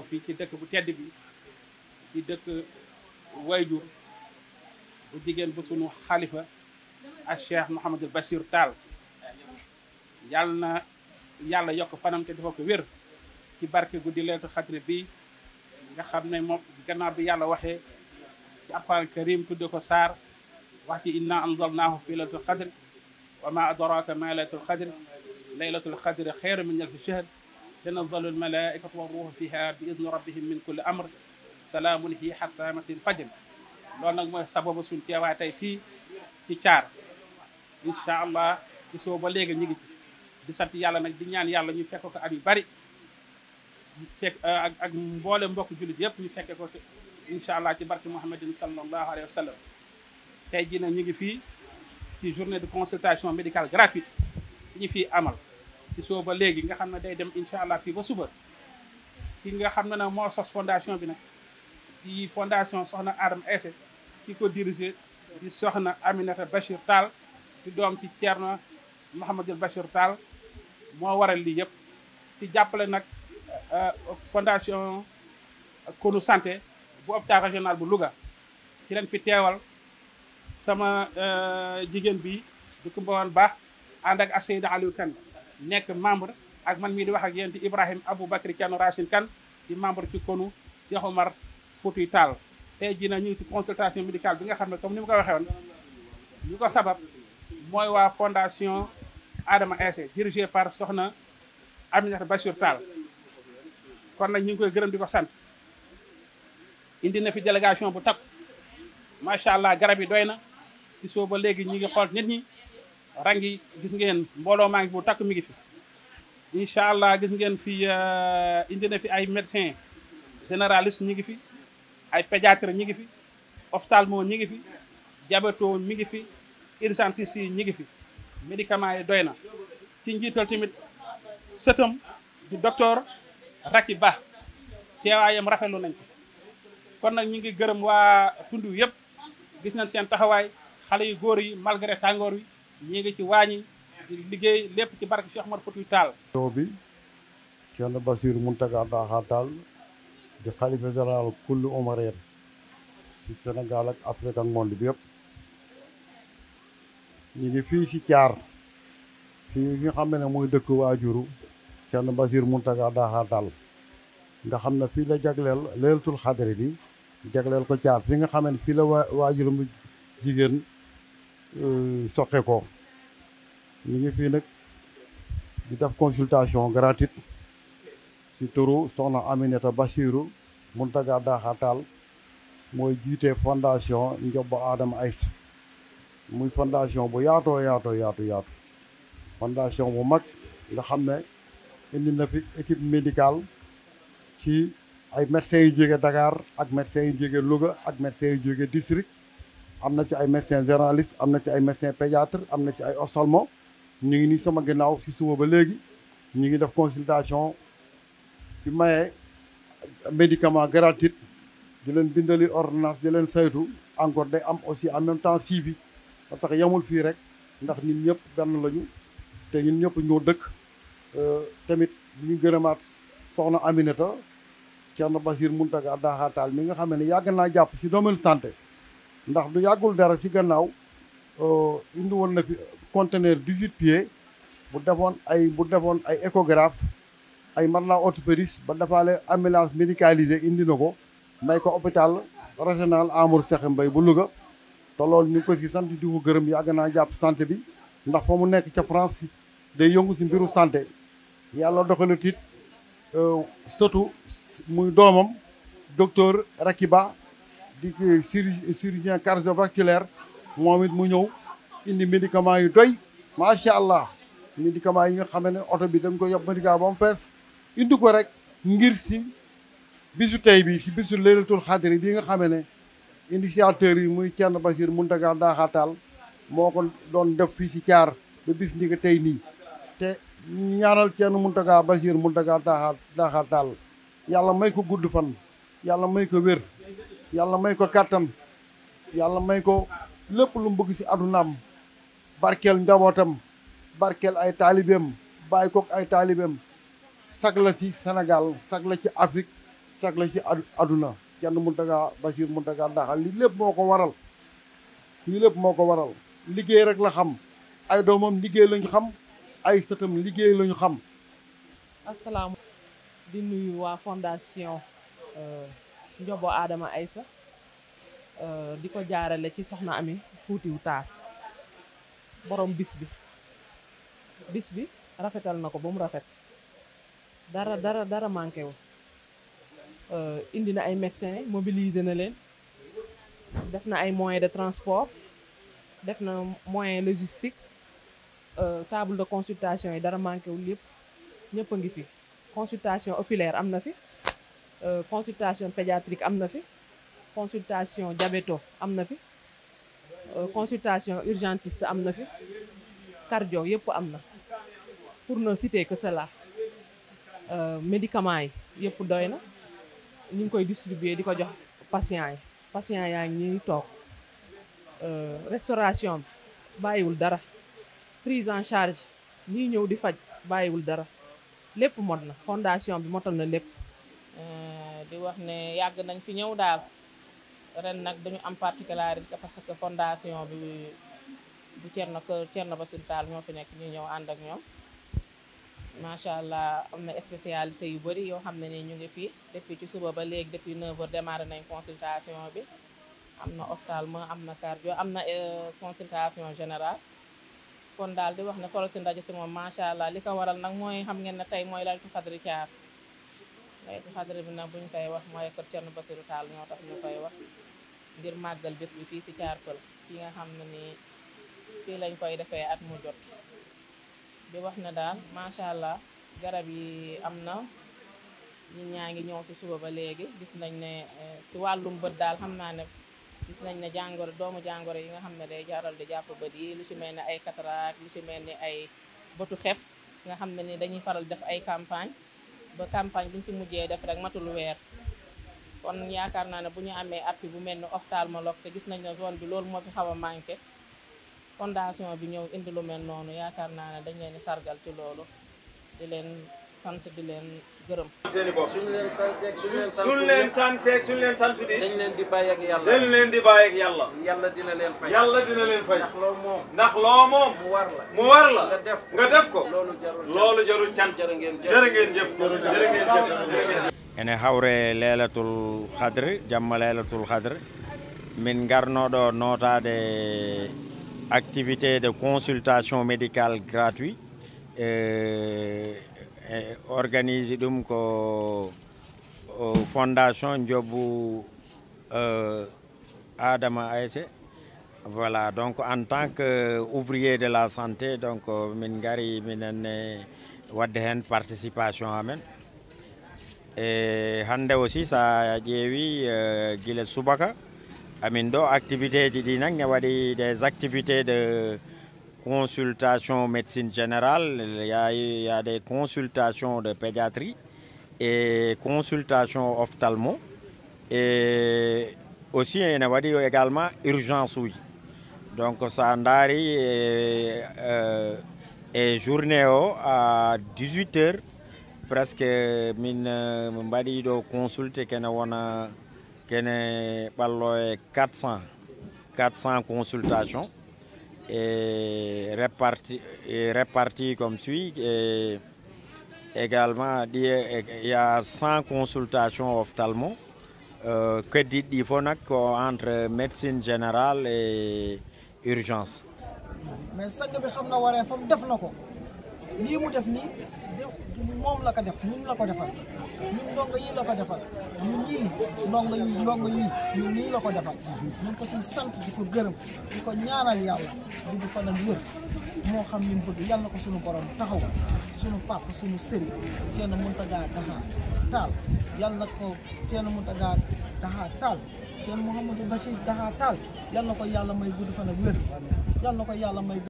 taxaw fii ci dëkk bu tedd bi ci dëkk wayjur bu jigéen bu sunu xalifa ak Cheikh Mouhamadul Bassir Tall yàlla na yàlla yokk fanam te dafa ko wér ci barke guddi leetu xadri bi nga xam ne moom gannaaw bi yàlla waxee ci alquran karim tudde ko saar wax ci inna anzalnaahu fi laylatul qadr wa ma adraka ma laylatul qadr laylatul qadr xayru min alfi shahr tanazzalu almalaikatu wa ruuhu fiha bi idni rabbihim min kulli amr salaamun hiya hatta matil fajr loolu nag mooy sababu suñ teewaay tey fii ci caar incha allah ci soo ba léegi ñu ngi ci yàlla nag di ñaan yàlla ñu fekk ko at yu bari fekk ak ak mboole mbokk jullit yëpp ñu fekke ko incha allah ci barke muhammadin sallallahu alayhi wa tey jii nag ñu ngi fii ci journée de consultation médical gratuite ñi fi amal ci suba ba léegi nga xam ne day dem incha allah fii ba suba ki nga xam na na moo sos fondation bi nag di fondation soxna Adama Aissé ki ko dirigé di soxna Aminata Bachir Tall di doom ci Thierno Mouhamadul Bachir Tall moo waral lii yëpp ci jàppale nag euh, fondation Konu Santé bu hôpital régional bu Louga ci leen fi teewal sama euh, jigéen bi du ko mbawoon baax ànd ak Asseyda Aliou nekk membre ak man mii di wax ak yéen di Ibrahima Aboubacry Kane Racine kan di membre ci konu Cheikh Omar Fouti Tall tey jii nag ñu ngi ci consultation médical bi nga xam ne comme ni ma ko waxee woon ñu ko sabab mooy waa fondation Adama Aissé dirigé par soxna Aminata Bassirou Tall kon nag ñu ngi koy gërëm di ko sant indi na fi délégation bu takk macha allah garab yi doy na ci soo ba léegi ñu ngi xool nit ñi rang yi gis ngeen mbooloo maa ngi bu takk mi ngi fi incha allah gis ngeen fi euh, indi na fi ay médecin généraliste ñi ngi fi ay pédiatre ñi ngi fi ophtalmo ñi ngi fi diabéto mi ngi fi urgentiste yi ñi ngi fi médicament yi doy na ci njiital tamit sëtam di docteur Racky Ba teewaayam rafetlu nañ kon nag ñu ngi gërëm waa tund yëpp gis nañ seen taxawaay xale yu góor yi malgré tàngoor wi ñi ngi ci waañi liggéey lépp ci barke Cheikh Omar Foutiyou Tall yow bi Thierno Bassirou Mountaga Daha Tall di xalifa général kulli omarien ci Sénégal ak Afrique ak monde bi yëpp ñu fii ci Thiar fii fi xam ne mooy dëkk waajuru Thierno Bassirou Mountaga Daha Tall nga xam ne fii la jagleel leeltul xadre bi jagleel ko Thiar fi nga xam ne fii la waajurum jigéen Euh, soqe ko ñu ngi fii nag di def consultation gratit ci turu soxna Aminata Bassirou Mountaga Daha Tall mooy jiite fondation Ndiobou Adama Aïssa muy fondation bu yaatoo yaatoo yaatu yaatu fondation bu mag nga xam ne indi na fi équipe médicale ci ay médecins yu jóge Dakar ak médecins yu jóge Louga ak médecins yu jóge district am na ci ay médecins généralistes am na ci ay médecins pédiatres am na ci ay ophtalmo ñu ngi nii sama ginnaaw si suba ba léegi ñu ngi def consultation fi maye médicament gratuit di leen bindali ordonnance di saytu encore day am aussi en même temps suivi parce que yamul fii rek ndax ñun ñëpp benn lañu te ñun ñëpp ñoo dëkk euh, tamit bu ñu gërëmaat soxna Aminata Thierno Basir Mountaga Daha Tall mi nga xam ne yàgg naa jàpp si domaine santé. ndax du yàggul dara ci gannaaw euh, indi woon na fi conteneur 18 pieds bu defoon ay bu defoon ay échographe ay matelas orthopédiste ba defaale ambulance médicalisée indi na ko may ko hôpital régional Amadou Sakhir mbay bu Louga te loolu ñu ngi ko ci sant di ko gërëm yàgg naa jàpp santé bi ndax fa mu nekk ca France day yëngu si mbiru santé yàlla doxalu tiit euh, surtout muy doomam docteur Rakiba di chirurgien cardiovasculaire moom it mu ñëw indi médicament yu doy macha allah médicament yi nga xam ne oto bi da nga ko yob médicament ba mu fees indi ko rek ngir si bisu tey bi si bisu leylatul xadri bi nga xam ne initiateur yi muy Thierno Bachir Mountaga Daha Tall moo ko doon def fii si caar ba bis ni ko tey nii te ñaanal Thierno Mountaga Bachir Mountaga Daha Daha Tall yàlla may ko gudd fan yàlla may ko wér yàlla may ko kàttan yàlla may ko lépp lu mu bëgg si adunaam barkeel njabootam barkeel ay taalibeem bàyyi kook ay taalibeem sag la si senegal sag la ci Afrique sag la ci aduna kenn Mountaga Bachir Mountaga Ndaxal li lépp moo ko waral li lépp moo ko waral liggéey rek la xam ay doomam liggéey lañu xam ay sëtam liggéey lañu xam asalaam di Njobo aadama Adama Aïssa euh, di ko jaarale ci soxna Ami fuutiw taar borom bis bi bis bi rafetal na ko ba mu rafet dara dara dara manqué wu euh, indi na ay médecins mobiliser na leen def na ay moyens de transport def na moyen logistique euh, table de consultation yi dara manqué wu lépp ñëpp a ngi fi consultation oculaire am na fi Euh, consultation pédiatrique am na fi consultation diabéto am na fi euh, consultation urgentiste am na fi cardio yëpp am na pour ne citer que cela euh, médicament yi yëpp doy na ñu ngi koy distribuer di ko jox patients yi patients yaa ngi ñuy toog restauration bi bàyyiwul dara prise en charge ñii ñëw di faj bàyyiwul dara lépp mot na fondation bi motal na lépp wax ne yàgg nañ fi ñëw daal ren nag dañu am particularité parce que fondation bi bu Thierno Kër Thierno Bassirou Tall ñoo fi nekk ñu ñëw ànd ak ñoom macha allah am na spécialité yu bëri yoo xam ne ni ñu ngi fii depuis ci suba ba léegi depuis 9h nañ consultation bi am na ophtalmo am na cardio am na euh, consultation général kon daal di wax ne solo si ndaje si moom macha allah li ko waral nag mooy xam ngeen tey mooy laytu xadri caar laytu xadara bi nag bu ñu koy wax mooy kër Thierno Bassirou Tall ñoo tax ñu koy wax ngir màggal bés bi fii si caar pël nga xam ne nii fii lañ koy defee at mu jot bi wax ne daal macha allah garab yi am na ñi ñaa ngi ñëw ci suba ba léegi gis nañ ne eh, si wàllum bët daal xam naa ne gis nañ ne jàngoro doomu jàngoro yi nga xam ne day jaaral di jàpp bët yi lu ci mel ni ay cataracte lu ci mel ni ay bëtu xef nga xam ne ni dañuy faral def ay campagne ba campagne bi ñu ci mujjee def rek matul weer kon yaakaar naa ne bu ñu amee appui bu mel ni ophtalmologue te gis nañ ne zone bi loolu moo fi xaw a manqué fondation bi ñëw indi lu mel noonu yaakaar naa ne dañ leen sargal ci loolu di leen sant di leen gërëm. ene hawre leylatul hadre jamma leylatul hadre min garnoɗo notade activité de consultation médicale gratuit euh, e organise ɗum ko fondation jobbu eh, adama ayse voilà donc en tant que ouvrier de la santé donc euh, min gari minenne eh, wadde hen participation amen e hande aussi sa ƴeewi guila subaka amin ɗo activité ji ɗi nan waɗi des activités de consultations médecine générale, il y, a, des consultations de pédiatrie et consultations ophtalmo. Et aussi, il y a également urgence, oui. Donc, Sandari est, euh, est euh, journée oh, à 18h, presque, je euh, dois consulter a 400, 400 consultations. est réparti, est réparti comme suit. Et également, il y a 100 consultations ophtalmo euh, que dit Difonak euh, entre médecine générale et urgence. lii mu def nii moom la ko def ñun la ko defal ñun ndongo yi la ko defal ñun ñii ndongo yi la ko defal ñu ko sant di ko gërëm di ko ñaanal yàlla di ko fanal wër moo xam ni bëgg yàlla ko suñu borom taxaw sunu papa suñu sëriñ Thierno Mountaga Daha Tall yàlla ko Thierno Mountaga Daha Tall Thierno Mouhamadou Bachir Daha Tall yàlla ko yàlla may gudd fan ak wér yàlla ko yàlla may